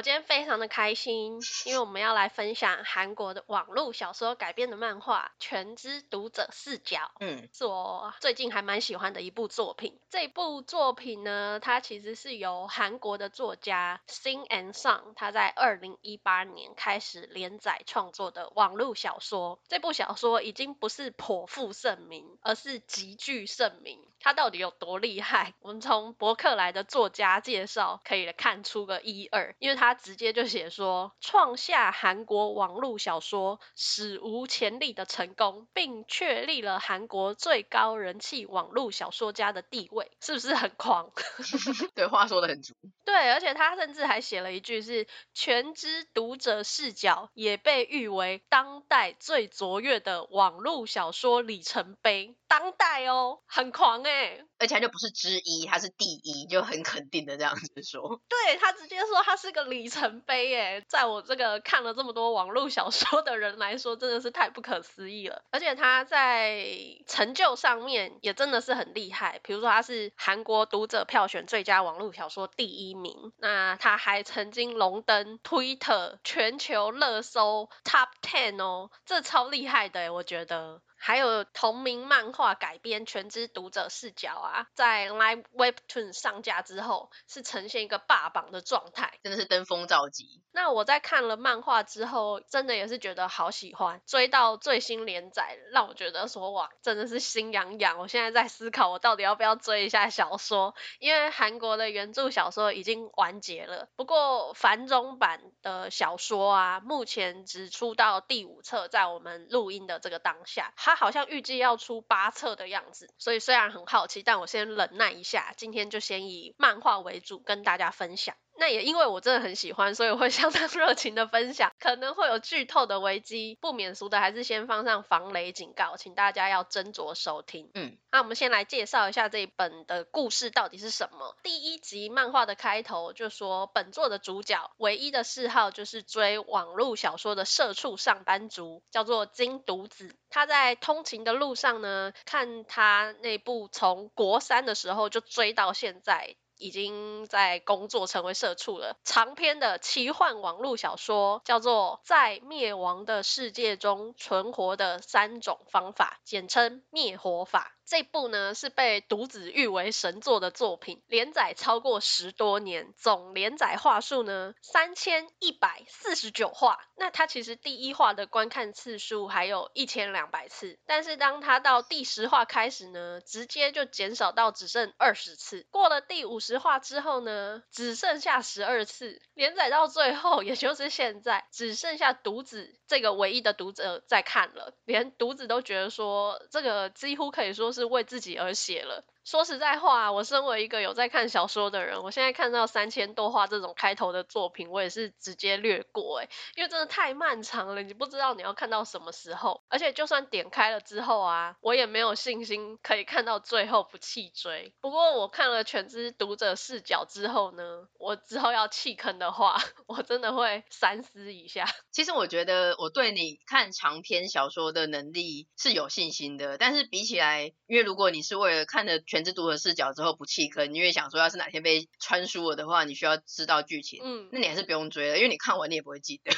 我今天非常的開心，因為我們要來分享韓國的網絡小說改編的漫畫《全知讀者視角》，嗯，是我最近還蠻喜歡的一部作品。這部作品呢，它其實是由韓國的作家 Sing and Song CING and 他在二零一八年開始連載創作的網絡小說。這部小說已經不是頗負盛名，而是極具盛名。它到底有多厲害？我們從博客來的作家介紹可以看出個一二，因為他。他直接就寫說，創下韓國網絡小說史無前例的成功，並確立了韓國最高人氣網絡小說家的地位，是不是很狂？ 對，話說得很足。對，而且他甚至還寫了一句是全知讀者視角，也被譽為當代最卓越的網絡小說里程碑。當代哦，很狂哎、欸！而且他就不是之一，他是第一，就很肯定的這樣子說。對，他直接說他是個里程碑哎，在我這個看了這麼多網絡小說的人來說，真的是太不可思議了。而且他在成就上面也真的是很厲害，比如說他是韓國讀者票選最佳網絡小說第一名。那他還曾經榮登 Twitter 全球熱搜 Top Ten 哦，這超厲害的，我覺得。還有同名漫畫改編《全知讀者視角》啊，在 Live Webtoon 上架之後，是呈現一個霸榜的狀態，真的是登峰造極。那我在看了漫畫之後，真的也是覺得好喜歡，追到最新連載，讓我覺得說哇，真的是心癢癢。我現在在思考，我到底要不要追一下小說？因為韓國的原著小說已經完結了，不過繁中版的小說啊，目前只出到第五冊，在我們錄音的這個當下。他好像預計要出八冊的樣子，所以雖然很好奇，但我先忍耐一下。今天就先以漫畫為主，跟大家分享。那也因為我真的很喜歡，所以會相當熱情的分享，可能會有劇透的危機，不免俗的還是先放上防雷警告，請大家要斟酌收聽。嗯，那我們先來介紹一下這一本的故事到底是什麼。第一集漫畫的開頭就是說，本作的主角唯一的嗜好就是追網絡小說的社畜上班族，叫做金獨子。他在通勤的路上呢，看他那部從國三的時候就追到現在。已經在工作成為社畜了。長篇的奇幻網絡小說叫做《在滅亡的世界中存活的三種方法》，簡稱“滅活法”。這部呢是被獨子譽為神作的作品，連載超過十多年，總連載話數呢三千一百四十九話。那它其實第一話的觀看次數還有一千兩百次，但是當它到第十話開始呢，直接就減少到只剩二十次。過了第五十話之後呢，只剩下十二次。連載到最後，也就是現在，只剩下獨子這個唯一的讀者在看了。連獨子都覺得說，這個幾乎可以說是。是為自己而寫了。說實在話，我身為一個有在看小說的人，我現在看到三千多話這種開頭的作品，我也是直接略過哎、欸，因為真的太漫長了，你不知道你要看到什麼時候。而且就算點開了之後啊，我也沒有信心可以看到最後不棄追。不過我看了《全知讀者視角》之後呢，我之後要棄坑的話，我真的會三思一下。其實我覺得我對你看長篇小說的能力是有信心的，但是比起來，因為如果你是為了看的。全知讀者視角之後不棄坑，因為想說要是哪天被穿書了的話，你需要知道劇情，嗯，那你還是不用追了，因為你看完你也不會記得，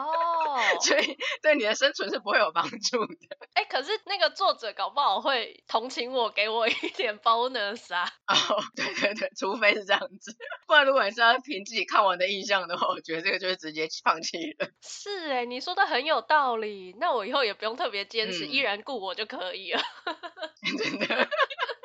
哦， 所以對你的生存是不會有幫助的。哎、欸，可是那個作者搞不好會同情我，給我一點 bonus 啊？哦、oh,，對對對，除非是這樣子，不然如果還是要憑自己看完的印象的話，我覺得這個就是直接放棄了。是哎、欸，你說的很有道理，那我以後也不用特別堅持，嗯、依然故我就可以了。 真的。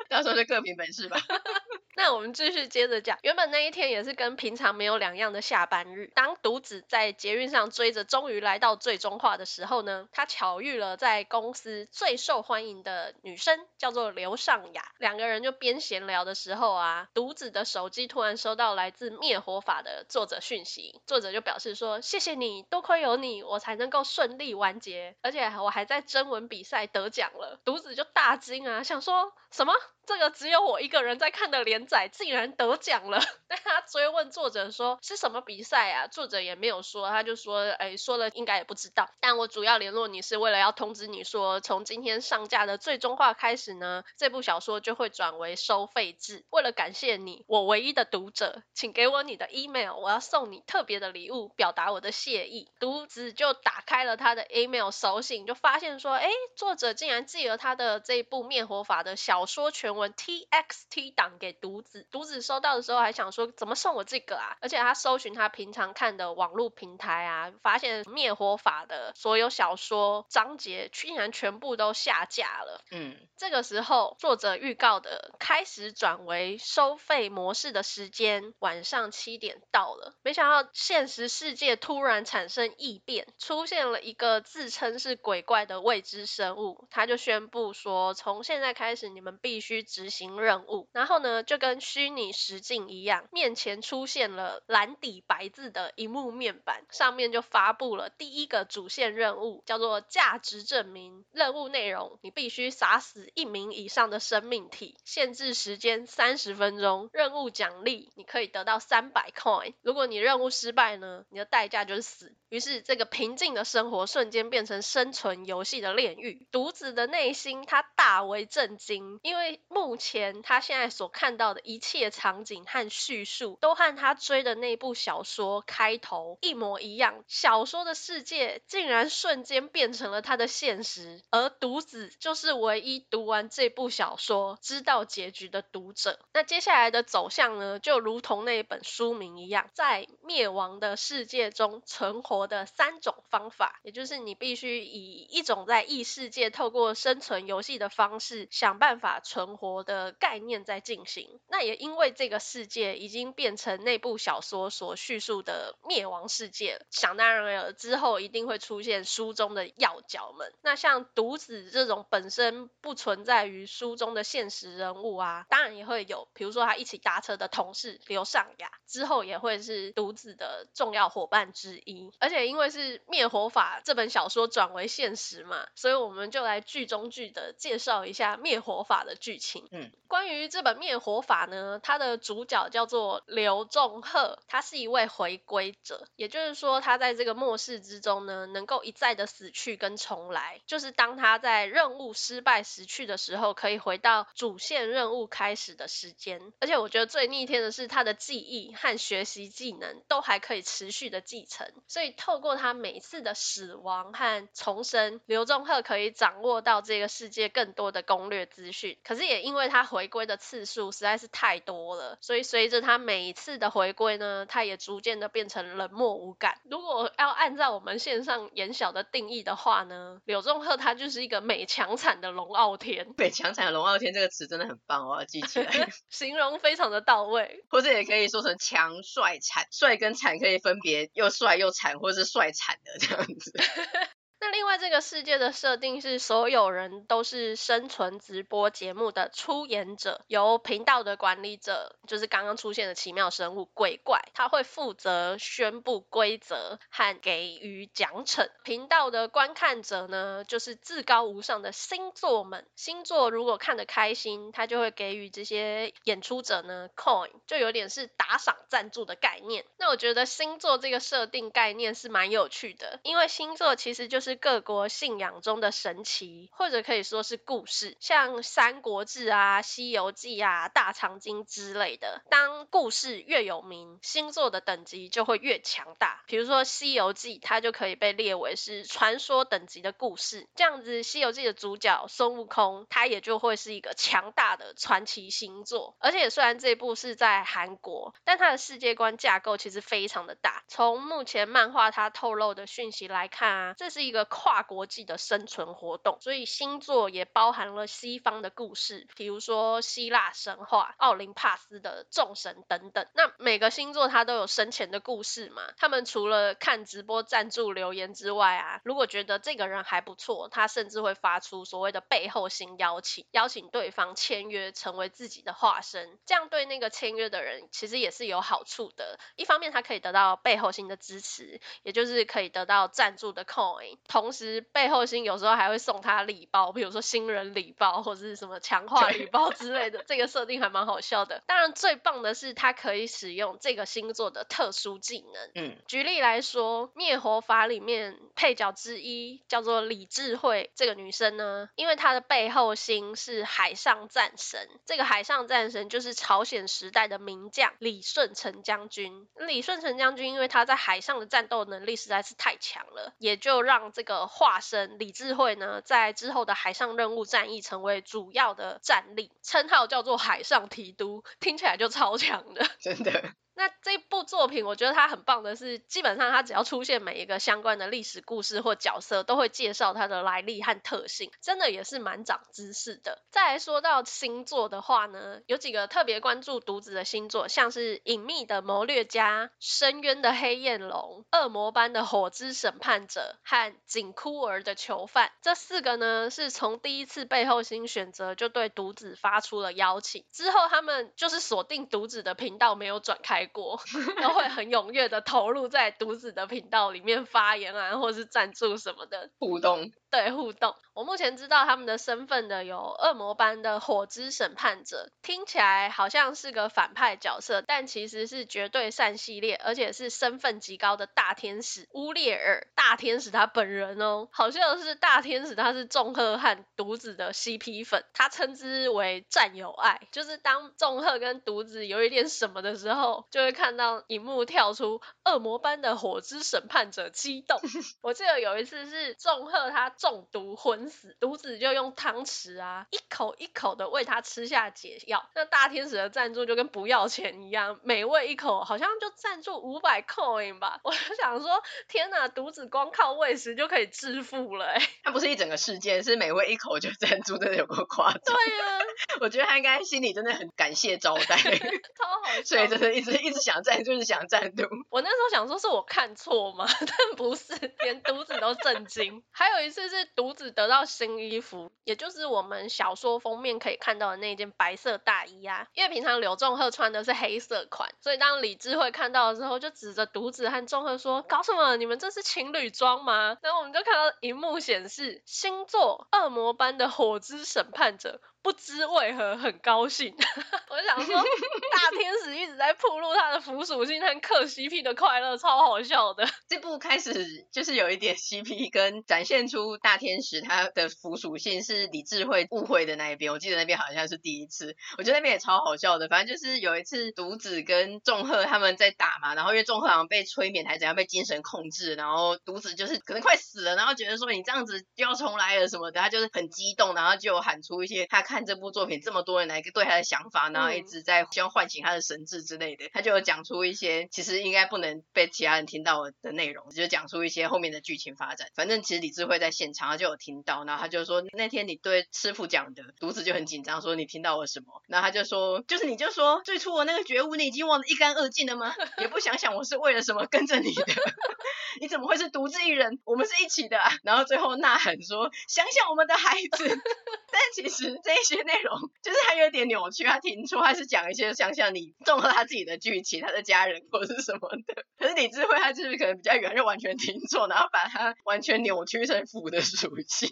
到時候就各憑本事吧。 那我們繼續接着講，原本那一天也是跟平常沒有兩樣的下班日。當獨子在捷運上追着，終於來到最終話的時候呢，他巧遇了在公司最受歡迎的女生，叫做劉尚雅。兩個人就邊閒聊的時候啊，獨子的手機突然收到來自《滅火法》的作者訊息，作者就表示說：“謝謝你，多虧有你，我才能夠順利完結，而且我還在徵文比賽得獎了。”獨子就大驚啊，想說什麼？這個只有我一個人在看的連載竟然得獎了！ 但他追問作者說是什麼比賽啊？作者也沒有說，他就說哎，說了應該也不知道。但我主要聯絡你是為了要通知你說，說從今天上架的最終話開始呢，這部小說就會轉為收費制。為了感謝你，我唯一的讀者，請給我你的 email，我要送你特別的禮物，表達我的謝意。讀者就打開了他的 email 手信，就發現說哎，作者竟然寄了他的這部《滅活法》的小說全。我 txt 檔給獨子，獨子收到的時候還想說怎麼送我這個啊？而且他搜尋他平常看的網絡平台啊，發現《滅火法》的所有小說章節居然全部都下架了。嗯，這個時候作者預告的開始轉為收費模式的時間晚上七點到了，沒想到現實世界突然產生異變，出現了一個自稱是鬼怪的未知生物，他就宣布說，從現在開始你們必須。執行任務，然後呢，就跟虛擬實境一樣，面前出現了藍底白字的螢幕面板，上面就發布了第一個主線任務，叫做“價值證明”。任務內容：你必須殺死一名以上的生命體，限制時間三十分鐘。任務獎勵：你可以得到三百 coin。如果你任務失敗呢，你的代價就是死。於是，這個平靜的生活瞬間變成生存遊戲的煉獄。獨子的內心他大為震驚，因為。目前他現在所看到的一切場景和敘述，都和他追的那部小說開頭一模一樣。小說的世界竟然瞬間變成了他的現實，而獨子就是唯一讀完這部小說知道結局的讀者。那接下來的走向呢，就如同那本書名一樣，在滅亡的世界中存活的三種方法，也就是你必須以一種在異世界透過生存遊戲的方式，想辦法存活。我的概念在進行，那也因為這個世界已經變成那部小說所敘述的滅亡世界，想當然爾，之後一定會出現書中的要角們。那像獨子這種本身不存在於書中的現實人物啊，當然也會有，比如說他一起搭車的同事劉尚雅，之後也會是獨子的重要夥伴之一。而且因為是《滅火法》這本小說轉為現實嘛，所以我們就來劇中劇的介紹一下《滅火法》的劇情。嗯，關於這本《滅活法》呢，它的主角叫做劉仲赫。他是一位回歸者，也就是說，他在這個末世之中呢，能夠一再的死去跟重來，就是當他在任務失敗死去的時候，可以回到主線任務開始的時間。而且我覺得最逆天的是，他的記憶和學習技能都還可以持續的繼承。所以透過他每一次的死亡和重生，劉仲赫可以掌握到這個世界更多的攻略資訊。可是也因為他回歸的次數實在是太多了，所以隨着他每一次的回歸呢，他也逐漸的變成冷漠無感。如果要按照我們線上言小的定義的話呢，柳仲赫他就是一個美強慘的龍傲天。美強慘的龍傲天這個詞真的很棒哦，我要記起來， 形容非常的到位。或者也可以說成強帥慘，帥跟慘可以分別又帥又慘，或者是帥慘的這樣子。 那另外，這個世界的設定是所有人都是生存直播節目的出演者，由頻道的管理者，就是剛剛出現的奇妙生物鬼怪，他會負責宣布規則和給予獎懲。頻道的觀看者呢，就是至高無上的星座們。星座如果看得開心，他就會給予這些演出者呢 coin，就有點是打賞贊助的概念。那我覺得星座這個設定概念是蠻有趣的，因為星座其實就是。各國信仰中的神奇，或者可以說是故事，像《三國志》啊、《西遊記》啊、《大長今》之類的。當故事越有名，星座的等級就會越強大。比如說《西遊記》，它就可以被列為是傳說等級的故事。這樣子，《西遊記》的主角孫悟空，它也就會是一個強大的傳奇星座。而且，雖然這部是在韓國，但它的世界觀架構其實非常的大。從目前漫畫它透露的訊息來看啊，這是一個。跨國際的生存活動，所以星座也包含了西方的故事，比如說希臘神話、奧林帕斯的眾神等等。那每個星座它都有生前的故事嘛，他們除了看直播、贊助留言之外啊，如果覺得這個人還不錯，他甚至會發出所謂的背後星邀請，邀請對方簽約成為自己的化身。這樣對那個簽約的人其實也是有好處的。一方面，他可以得到背後星的支持，也就是可以得到贊助的 coin。同時，背後星有時候還會送他禮包，比如說新人禮包或者是什麼強化禮包之類的。這個設定還蠻好笑的。當然，最棒的是他可以使用這個星座的特殊技能。嗯，舉例來說，《滅活法》裡面配角之一叫做李智慧這個女生呢，因為她的背後星是海上戰神。這個海上戰神就是朝鮮時代的名將李舜臣將軍。李舜臣將軍因為他在海上的戰鬥能力實在是太強了，也就讓這個這個化身李智慧呢，在之後的海上任務戰役，成為主要的戰力，稱號叫做海上提督，聽起來就超強的，真的。那這部作品我覺得它很棒的是，基本上它只要出現每一個相關的歷史故事或角色，都會介紹它的來歷和特性，真的也是蠻長知識的。再來說到星座的話呢，有幾個特別關注獨子的星座，像是隱秘的謀略家、深淵的黑焰龍、惡魔般的火之審判者和緊箍兒的囚犯，這四個呢是從第一次背後星選擇就對獨子發出了邀請，之後他們就是鎖定獨子的頻道沒有轉開過。 都會很踴躍的投入在獨子的頻道裡面發言啊，或是贊助什麼的互動。對互動，我目前知道他們的身份的有惡魔般的火之審判者，聽起來好像是個反派角色，但其實是絕對善系列，而且是身份極高的大天使烏列爾。大天使他本人哦，好像是大天使，他是中赫和獨子的 CP 粉，他稱之為戰友愛，就是當中赫跟獨子有一點什麼的時候。就會看到熒幕跳出惡魔般的火之審判者，激動。 我記得有一次是仲賀他中毒昏死，獨子就用湯匙啊，一口一口的餵他吃下解藥。那大天使的贊助就跟不要錢一樣，每餵一口好像就贊助五百 coin 吧。我就想說，天哪，獨子光靠餵食就可以致富了，欸。他不是一整個世界，是每餵一口就贊助，真的有夠誇張。對啊， 我覺得他應該心裡真的很感謝招待， 超好，所以真的一直。一直想贊助，就是想贊助。我那時候想說是我看錯嗎？但不是，連獨子都震驚。 還有一次是獨子得到新衣服，也就是我們小說封面可以看到的那件白色大衣啊。因為平常柳仲赫穿的是黑色款，所以當李智慧看到的時候，就指着獨子和仲赫說：“搞什麼？你們這是情侶裝嗎？”然後我們就看到熒幕顯示《星座惡魔般的火之審判者》。不知為何很高興， 我想說 大天使一直在暴露他的腐屬性跟嗑 CP 的快樂，超好笑的。這部開始就是有一點 CP，跟展現出大天使他的腐屬性是李智慧誤會的那一邊。我記得那邊好像是第一次，我覺得那邊也超好笑的。反正就是有一次獨子跟仲赫他們在打嘛，然後因為仲赫好像被催眠還怎樣被精神控制，然後獨子就是可能快死了，然後覺得說你這樣子就要重來了什麼的，他就是很激動，然後就喊出一些他看。看這部作品，這麼多人來對他的想法，然後一直在希望喚醒他的神智之類的，嗯、他就有講出一些其實應該不能被其他人聽到的內容，就講出一些後面的劇情發展。反正其實李智慧在現場他就有聽到，然後他就說：“那天你對師傅講的，獨自就很緊張，說你聽到了什麼？”然後他就說：“ 就是你就說最初我那個覺悟你已經忘得一乾二淨了嗎？也不想想我是為了什麼跟着你的？ 你怎麼會是獨自一人？我們是一起的，啊。”然後最後吶喊說：“想想我們的孩子。 ”但其實這。一些內容就是他有點扭曲，他聽錯，他是講一些像像你中了他自己的劇情，他的家人或者是什麼的。可是李智慧他就是可能比較遠，就完全聽錯，然後把他完全扭曲成腐的屬性，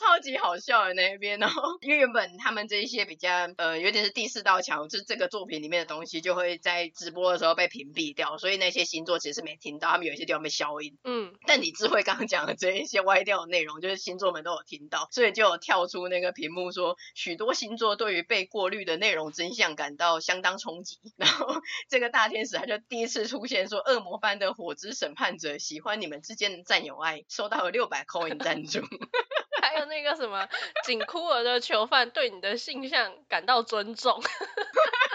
超級好笑的那一邊。哦，因為原本他們這些比較呃有點是第四道牆，就是這個作品裡面的東西就會在直播的時候被屏蔽掉，所以那些星座其實是沒聽到，他們有一些地方被消音。嗯，但李智慧剛剛講的這一些歪掉的內容，就是星座們都有聽到，所以就有跳出那個屏幕說。許多星座對於被過濾的內容真相感到相當衝擊，然後這個大天使他就第一次出現說：“惡魔般的火之審判者喜歡你們之間的占有愛。”收到了六百 coin 贊助， 還有那個什麼緊箍兒的囚犯對你的性向感到尊重。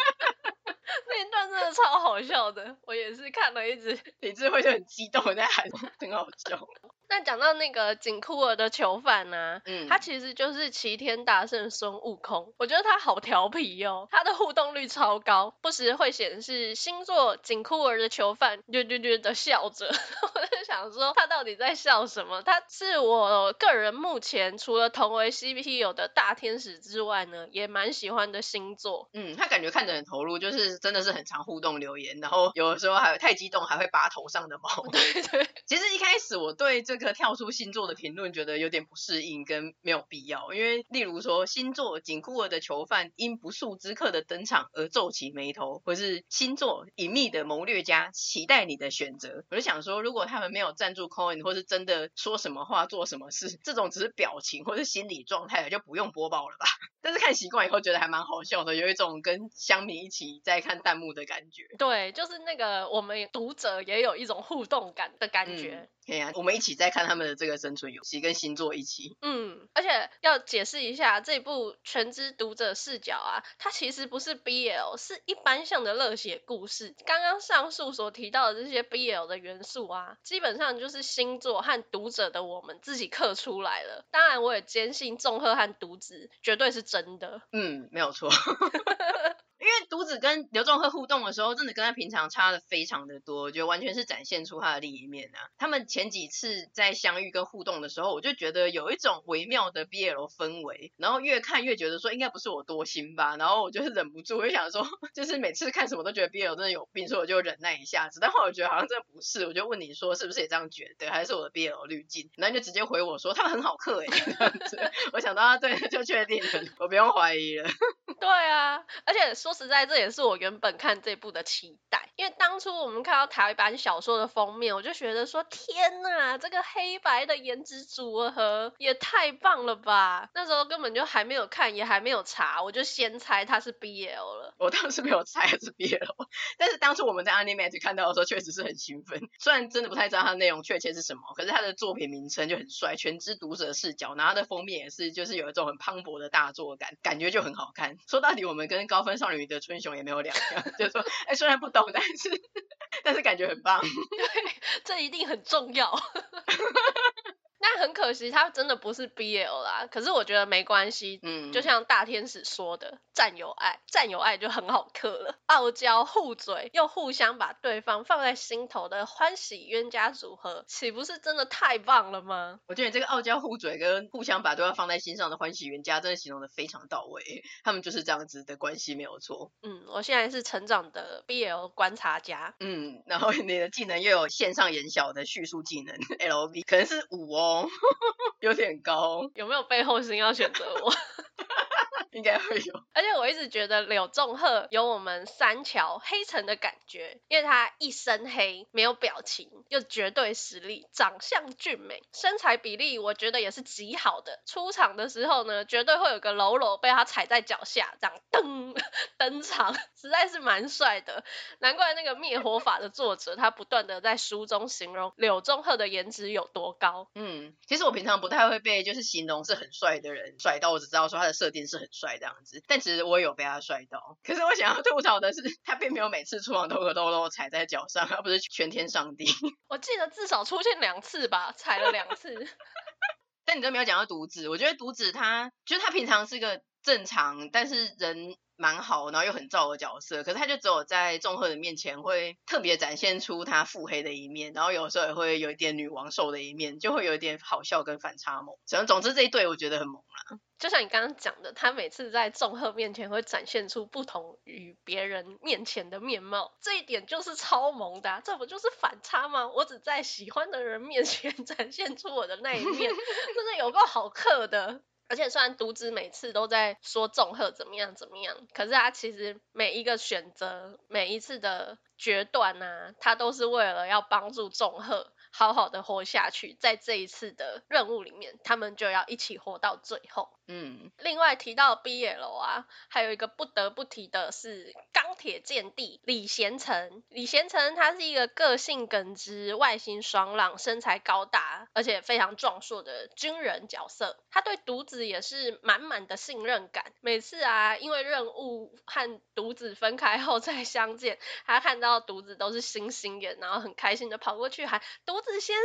那一段真的超好笑的，我也是看了一直李 智慧就很激動在喊，真好笑。那講到那個緊箍兒的囚犯呢，啊嗯，他其實就是齊天大聖孫悟空，我覺得他好調皮哦，他的互動率超高，不時會顯示星座緊箍兒的囚犯，略略略的笑着，我就想說他到底在笑什麼？他是我個人目前除了同為 CP 友的大天使之外呢，也蠻喜歡的星座。嗯，他感覺看着很投入，就是真的是很常互動留言，然後有時候還有太激動還會拔頭上的毛。對對，對，其實一開始我對這個個跳出星座的評論，覺得有點不適應跟沒有必要，因為例如說星座緊箍兒的囚犯因不速之客的登場而皺起眉頭，或是星座隱秘的謀略家期待你的選擇。我就想說，如果他們沒有贊助 Coin 或是真的說什麼話做什麼事，這種只是表情或是心理狀態就不用播報了吧。但是看習慣以後，覺得還蠻好笑的，有一種跟鄉民一起在看彈幕的感覺。對，就是那個我們讀者也有一種互動感的感覺。嗯、對呀、啊，我們一起在看。看他們的這個生存遊戲跟星座一起，嗯，而且要解釋一下這部全知讀者視角啊，它其實不是 BL，是一般向的熱血故事。剛剛上述所提到的這些 BL 的元素啊，基本上就是星座和讀者的我們自己刻出來了。當然，我也堅信中赫和讀者絕對是真的。嗯，沒有錯。 因為獨子跟劉仲赫互動的時候，真的跟他平常差的非常的多，我覺得完全是展現出他的另一面啊。他們前幾次在相遇跟互動的時候，我就覺得有一種微妙的 BL 氛圍，然後越看越覺得說應該不是我多心吧，然後我就是忍不住，我就想說，就是每次看什麼都覺得 BL 真的有病，所以我就忍耐一下子，但後來我覺得好像真的不是，我就問你說是不是也這樣覺得，還是我的 BL 濾鏡？然後就直接回我說他們很好嗑哎、欸， 我想到他對，就確定了，我不用懷疑了。對啊，而且說。說實在，這也是我原本看這部的期待，因為當初我們看到台版小說的封面，我就覺得說，天吶，這個黑白的顏值組合也太棒了吧！那時候根本就還沒有看，也還沒有查，我就先猜它是 BL 了。我當時沒有猜是 BL 哦，但是當初我們在 Animate 看到的時候，確實是很興奮。雖然真的不太知道它的內容確切是什麼，可是它的作品名稱就很帥，《全知讀者視角》，拿它的封面也是，就是有一種很磅礴的大作感，感覺就很好看。說到底，我們跟高分少女。你的春熊也沒有兩樣，就說，哎、欸，雖然不懂，但是，但是感覺很棒。對，這一定很重要。 但很可惜，他真的不是 BL 啦。可是我覺得沒關係，嗯，就像大天使說的，占有愛，占有愛就很好嗑了。傲嬌互嘴，又互相把對方放在心頭的歡喜冤家組合，豈不是真的太棒了嗎？我覺得你這個傲嬌互嘴跟互相把對方放在心上的歡喜冤家，真的形容得非常到位，欸。他們就是這樣子的關係，沒有錯。嗯，我現在是成長的 BL 觀察家。嗯，然後你的技能又有線上演小的敘述技能，LV 可能是五哦。 有點高，有沒有背後心要選擇我？ 應該會有，而且我一直覺得柳仲鶴有我們三橋黑城的感覺，因為他一身黑，沒有表情，又絕對實力，長相俊美，身材比例我覺得也是極好的。出場的時候呢，絕對會有個嘍囉被他踩在腳下，這樣噔登場，實在是蠻帥的。難怪那個滅火法的作者，他不斷的在書中形容柳仲鶴的顏值有多高。嗯，其實我平常不太會被就是形容是很帥的人帥到，我只知道說他的設定是很帥。帥這樣子，但其實我也有被他帥到。可是我想要吐槽的是，他並沒有每次出場都可都踩在腳上，而不是全天上帝。我記得至少出現兩次吧，踩了兩次。 但你都沒有講到獨子，我覺得獨子他就是他平常是一個正常，但是人蠻好，然後又很罩的角色。可是他就只有在中赫的面前會特別展現出他腹黑的一面，然後有時候也會有一點女王受的一面，就會有一點好笑跟反差萌。只總之這一對我覺得很萌啦、啊。就像你剛剛講的，他每次在仲赫面前會展現出不同於別人面前的面貌，這一點就是超萌的啊。這不就是反差嗎？我只在喜歡的人面前展現出我的那一面， 真的有夠好嗑的。而且雖然獨子每次都在說仲赫怎麼樣怎麼樣，可是他其實每一個選擇、每一次的決斷啊，他都是為了要幫助仲赫好好的活下去。在這一次的任務裡面，他們就要一起活到最後。嗯，另外提到 BL 樓啊，還有一個不得不提的是鋼鐵劍帝李賢成。李賢成他是一個個性耿直、外形爽朗、身材高大而且非常壯碩的軍人角色。他對獨子也是滿滿的信任感。每次啊，因為任務和獨子分開後再相見，他看到獨子都是星星眼，然後很開心的跑過去喊獨子先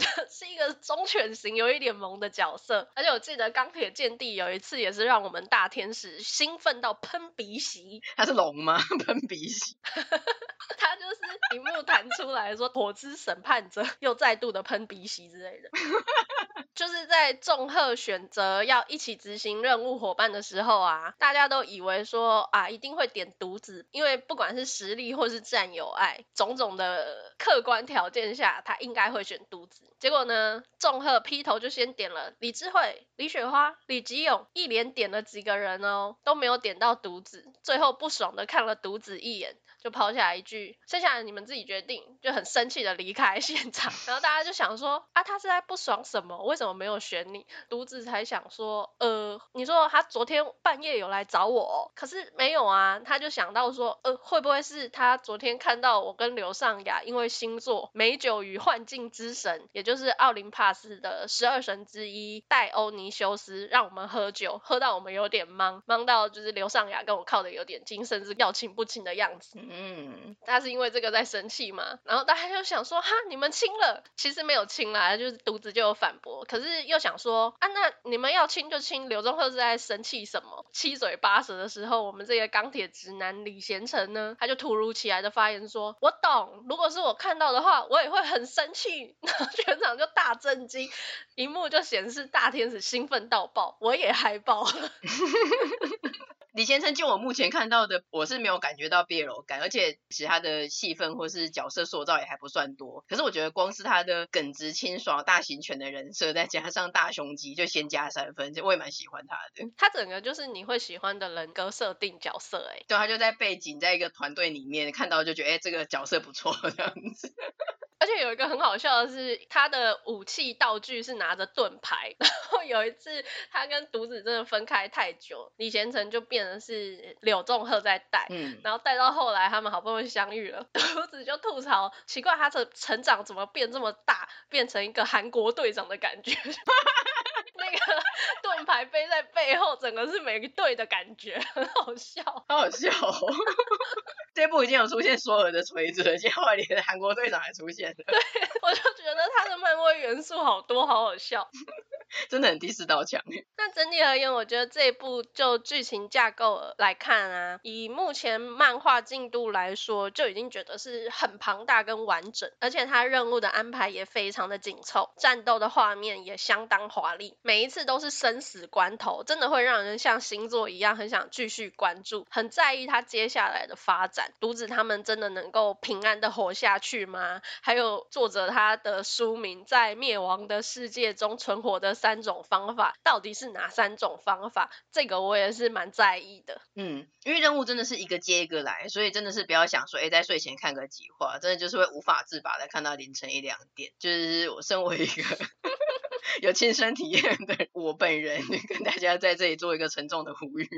生，是一個忠犬型、有一點萌的角色。而且我記得鋼鐵劍。天地有一次也是讓我們大天使興奮到噴鼻息，他是龍嗎？噴鼻息 他就是屏幕彈出來說“我之審判者”又再度的噴鼻息之類的， 就是在眾赫選擇要一起執行任務夥伴的時候啊，大家都以為說啊一定會點獨子，因為不管是實力或是戰友愛種種的客觀條件下，他應該會選獨子。結果呢，眾赫劈頭就先點了李智慧、李雪花、李、李吉勇一連點了幾個人哦，都沒有點到獨子，最後不爽的看了獨子一眼。就拋下來，一句，剩下的你們自己決定，就很生氣的離開現場。然後大家就想說，啊，他是在不爽什麼？為什麼沒有選你？獨子才想說，呃，你說他昨天半夜有來找我、哦，可是沒有啊。他就想到說，呃，會不會是他昨天看到我跟劉尚雅因為星座美酒與幻境之神，也就是奧林帕斯的十二神之一戴歐尼修斯，讓我們喝酒，喝到我們有點懵，懵到就是劉尚雅跟我靠的有點近，甚至要親不親的樣子。嗯，他是因為這個在生氣嘛。然後大家就想說，哈，你們親了，其實沒有親啦，就是獨子就有反駁，可是又想說，啊，那你們要親就親。柳中赫是在生氣什麼？七嘴八舌的時候，我們這個鋼鐵直男李賢聖呢，他就突如其來的發言說，我懂，如果是我看到的話，我也會很生氣。然後全場就大震驚，螢幕就顯示大天使興奮到爆，我也嗨爆了。 李先生，就我目前看到的，我是沒有感覺到彆扭感，而且其他的戲份或是角色塑造也還不算多。可是我覺得光是他的耿直清爽大型犬的人設，再加上大胸肌，就先加三分，我也蠻喜歡他的。他整個就是你會喜歡的人格設定角色哎。對，他就在背景在一個團隊裡面看到，就覺得哎，這個角色不錯這樣子。而且有一個很好笑的是，他的武器道具是拿着盾牌。然後有一次，他跟獨子真的分開太久，李賢成就變成是柳仲赫在帶。嗯，然後帶到後來，他們好不容易相遇了，獨、嗯、子就吐槽：奇怪他，他的成長怎麼變這麼大，變成一個韓國隊長的感覺？ 那個盾牌背在背後，整個是美隊的感覺，很好笑，好好笑、哦。 這部已經有出現索爾的錘子了，現在連韓國隊長還出現了。對，我就覺得他的漫威元素好多，好好笑， 真的很第四道牆。那整體而言，我覺得這一部就劇情架構來看啊，以目前漫畫進度來說，就已經覺得是很龐大跟完整，而且它任務的安排也非常的緊湊，戰鬥的畫面也相當華麗，每一次都是生死關頭，真的會讓人像星座一樣很想繼續關注，很在意他接下來的發展。讀者他們真的能夠平安的活下去嗎？還有作者他的書名在滅亡的世界中存活的三種方法到底是哪三種方法？這個我也是蠻在意的。嗯，因為任務真的是一個接一個來，所以真的是不要想說哎，在睡前看個幾話，真的就是會無法自拔的看到凌晨一兩點。就是我身為一個有親身體驗的我本人，跟大家在這裡做一個沉重的呼籲。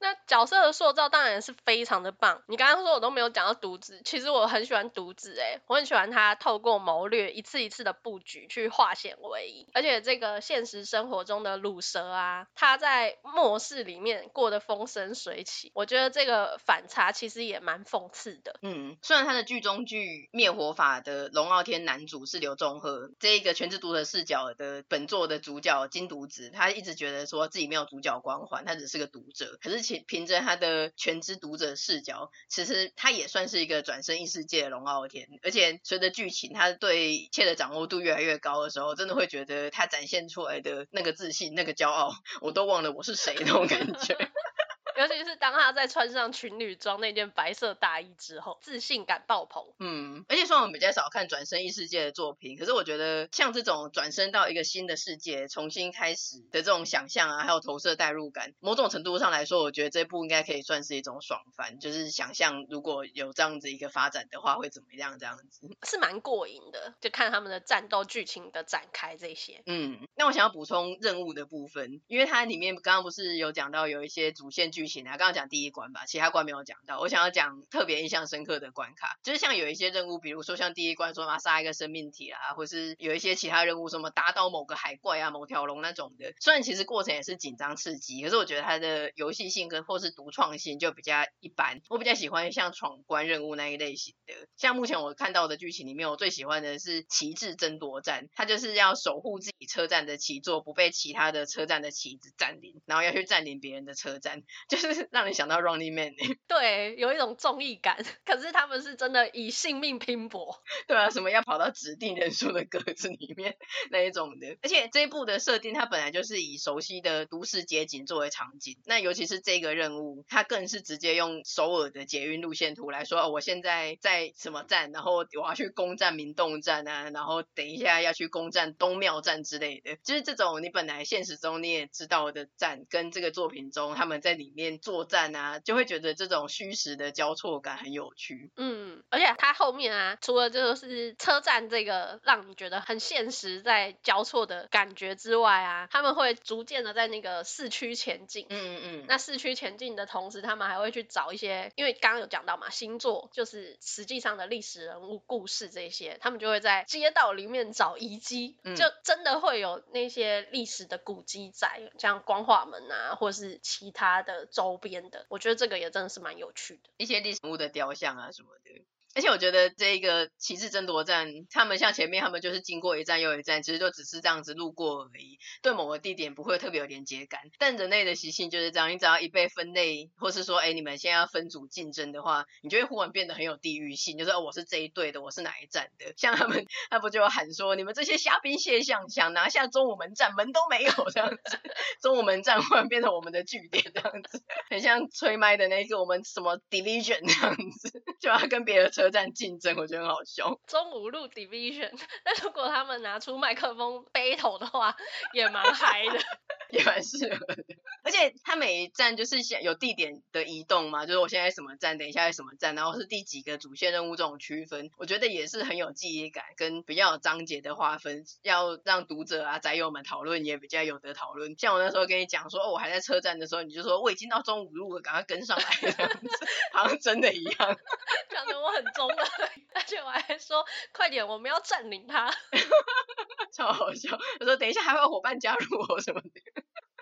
那角色的塑造當然是非常的棒。你剛剛說我都沒有講到獨子，其實我很喜歡獨子哎、欸，我很喜歡他透過謀略一次一次的布局去化險為夷，而且這個現實生活中的魯蛇啊，他在末世裡面過得風生水起，我覺得這個反差其實也蠻諷刺的。嗯，雖然他的劇中劇《滅火法》的龍傲天男主是劉中赫，這一個全知讀者視角的本作的主角金獨子，他一直覺得說自己沒有主角光環，他只是個讀者，可是。憑憑着他的全知讀者視角，其實他也算是一個轉身異世界的龍傲天。而且隨着劇情，他對一切的掌握度越來越高的時候，真的會覺得他展現出來的那個自信、那個驕傲，我都忘了我是誰那種感覺。 尤其是當他在穿上情侶裝那件白色大衣之後，自信感爆棚。嗯，而且雖然我們比較少看轉生異世界的作品，可是我覺得像這種轉生到一個新的世界重新開始的這種想象啊，還有投射代入感，某種程度上來說，我覺得這部應該可以算是一種爽番，就是想象如果有這樣子一個發展的話會怎麼樣這樣子，是蠻過癮的。就看他們的戰鬥劇情的展開這些。嗯，那我想要補充任務的部分，因為它裡面剛剛不是有講到有一些主線劇情。來，剛剛講第一關吧，其他關沒有講到。我想要講特別印象深刻的關卡，就是像有一些任務，比如說像第一關說嘛殺一個生命體啊，或是有一些其他任務什麼打倒某個海怪啊、某條龍那種的。雖然其實過程也是緊張刺激，可是我覺得它的遊戲性跟或是獨創性就比較一般。我比較喜歡像闖關任務那一類型的。像目前我看到的劇情裡面，我最喜歡的是旗幟爭奪戰。它就是要守護自己車站的旗座不被其他的車站的旗子占領，然後要去占領別人的車站。就就 是讓你想到 Running Man、欸、 對，有一種綜藝感。可是他們是真的以性命拼搏 。對啊，什麼要跑到指定人數的格子裡面那一種的？而且這一部的設定，它本來就是以熟悉的都市街景作為場景。那尤其是這個任務，它更是直接用首爾的捷運路線圖來說、哦，我現在在什麼站，然後我要去攻占明洞站啊，然後等一下要去攻占東廟站之類的。就是這種你本來現實中你也知道的站，跟這個作品中他們在裡面。作戰啊，就會覺得這種虛實的交錯感很有趣。嗯，而且它後面啊，除了就是車站這個讓你覺得很現實，在交錯的感覺之外啊，他們會逐漸的在那個市區前進。嗯嗯。那市區前進的同時，他們還會去找一些，因為剛剛有講到嘛，星座就是實際上的歷史人物故事這些，他們就會在街道裡面找遺跡，就真的會有那些歷史的古跡在、嗯，像光化門啊，或是其他的。周邊的，我覺得這個也真的是蠻有趣的，一些歷史人物的雕像啊什麼的。而且我覺得這一個旗幟爭奪戰，他們像前面他們就是經過一站又一站，其實就只是這樣子路過而已，對某個地點不會特別有連接感。但人類的習性就是這樣，你只要一被分類，或是說，哎、欸，你們現在要分組競爭的話，你就會忽然變得很有地域性，就是哦，我是這一隊的，我是哪一站的。像他們，他不就喊說，你們這些蝦兵蟹將想拿下忠武門站，門都沒有這樣子。忠武門站忽然變成我們的據點，這樣子，很像吹麥的那個我們什麼 division 這樣子。就要跟別的車站競爭，我覺得很好凶。中午路 Division，但如果他們拿出麥克風 battle 的話，也蠻嗨的。 也蠻適合的，而且他每一站就是有地點的移動嘛，就是我現在什麼站，等一下什麼站，然後是第幾個主線任務這種區分，我覺得也是很有記憶感，跟比較有章節的劃分，要讓讀者啊、宅友們討論也比較有得討論。像我那時候跟你講說、哦，我還在車站的時候，你就說我已經到中五路，趕快跟上來， 好像真的一樣，講的我很中了， 而且我還說快點，我們要占領他， 超好笑。我說等一下還會有夥伴加入我什麼的。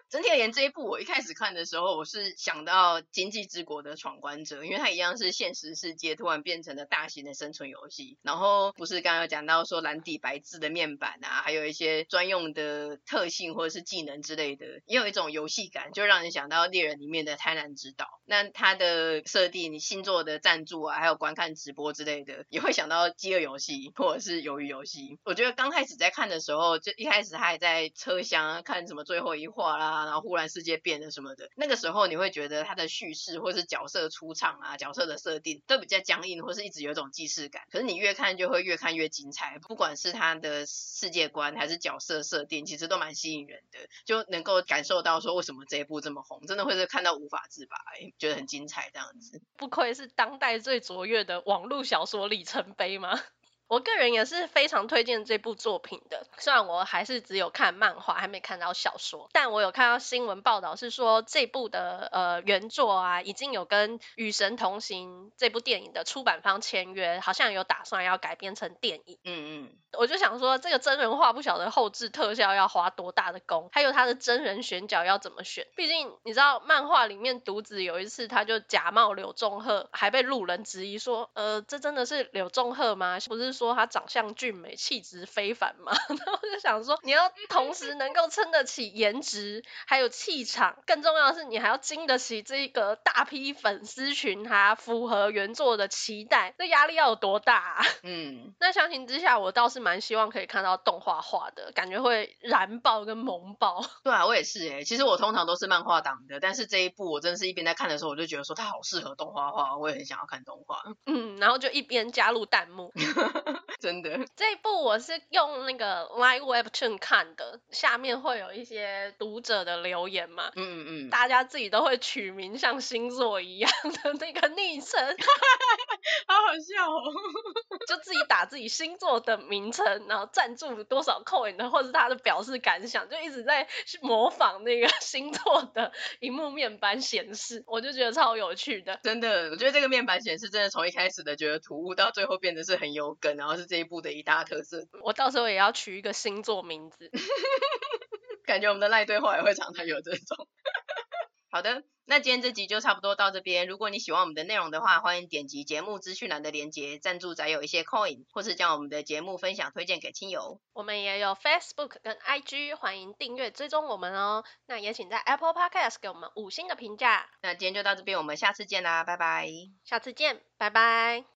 整體而言，這一部我一開始看的時候，我是想到《今際之國的闖關者》，因為它一樣是現實世界突然變成了大型的生存遊戲。然後不是剛剛有講到說藍底白字的面板啊，還有一些專用的特性或者是技能之類的，也有一種遊戲感，就讓你想到《獵人》裡面的《貪婪之島》。那它的設定你星座的贊助啊，還有觀看直播之類的，也會想到飢餓遊戲或者是魷魚遊戲。我覺得剛開始在看的時候，就一開始還在車廂看什麼最後一話啦。然後忽然世界變了什麼的，那個時候你會覺得他的敘事或是角色出場啊，角色的設定都比較僵硬，或是一直有一種既視感。可是你越看就會越看越精彩，不管是他的世界觀還是角色設定，其實都蠻吸引人的，就能夠感受到說為什麼這一部這麼紅，真的會是看到無法自拔，欸，覺得很精彩這樣子。不愧是當代最卓越的網絡小說里程碑嗎？我個人也是非常推薦這部作品的。雖然我還是只有看漫畫，還沒看到小說，但我有看到新聞報道，是說這部的呃原作啊，已經有跟《與神同行》這部電影的出版方簽約，好像有打算要改編成電影。嗯嗯，我就想說，這個真人化不曉得後製特效要花多大的功，還有他的真人選角要怎麼選。畢竟你知道，漫畫裡面獨子有一次他就假冒柳仲赫，還被路人質疑說，呃，這真的是柳仲赫嗎？不是。說他長相俊美，氣質非凡嘛，然 後就想說，你要同時能夠撐得起顏值，還有氣場，更重要的是，你還要經得起這個大批粉絲群、啊，他符合原作的期待，這壓力要有多大、啊？嗯，那相形之下，我倒是蠻希望可以看到動畫化的，感覺會燃爆跟萌爆。對啊，我也是哎、欸，其實我通常都是漫畫黨的，但是這一部我真的是一邊在看的時候，我就覺得說他好適合動畫化，我也很想要看動畫。嗯，然後就一邊加入彈幕。 真的，這一部我是用那個 Live Web Tune 看的，下面會有一些讀者的留言嘛，嗯嗯嗯，大家自己都會取名像星座一樣的那個昵稱。 好好笑哦，就自己打自己星座的名稱，然後贊助多少 coin 的，或者是他的表示感想，就一直在模仿那個星座的熒幕面板顯示，我就覺得超有趣的。真的，我覺得這個面板顯示真的從一開始的覺得突兀，到最後變得是很有梗，然後是這一部的一大特色。我到時候也要取一個星座名字， 感覺我們的賴隊後來會常常有這種。好的。那今天這集就差不多到這邊。如果你喜歡我們的內容的話，歡迎點擊節目資訊欄的鏈接贊助，再有一些 coin 或是將我們的節目分享推薦給親友。我們也有 Facebook 跟 IG，歡迎訂閱追蹤我們哦。那也請在 Apple Podcast 給我們五星的評價。那今天就到這邊，我們下次見啦，拜拜。下次見，拜拜。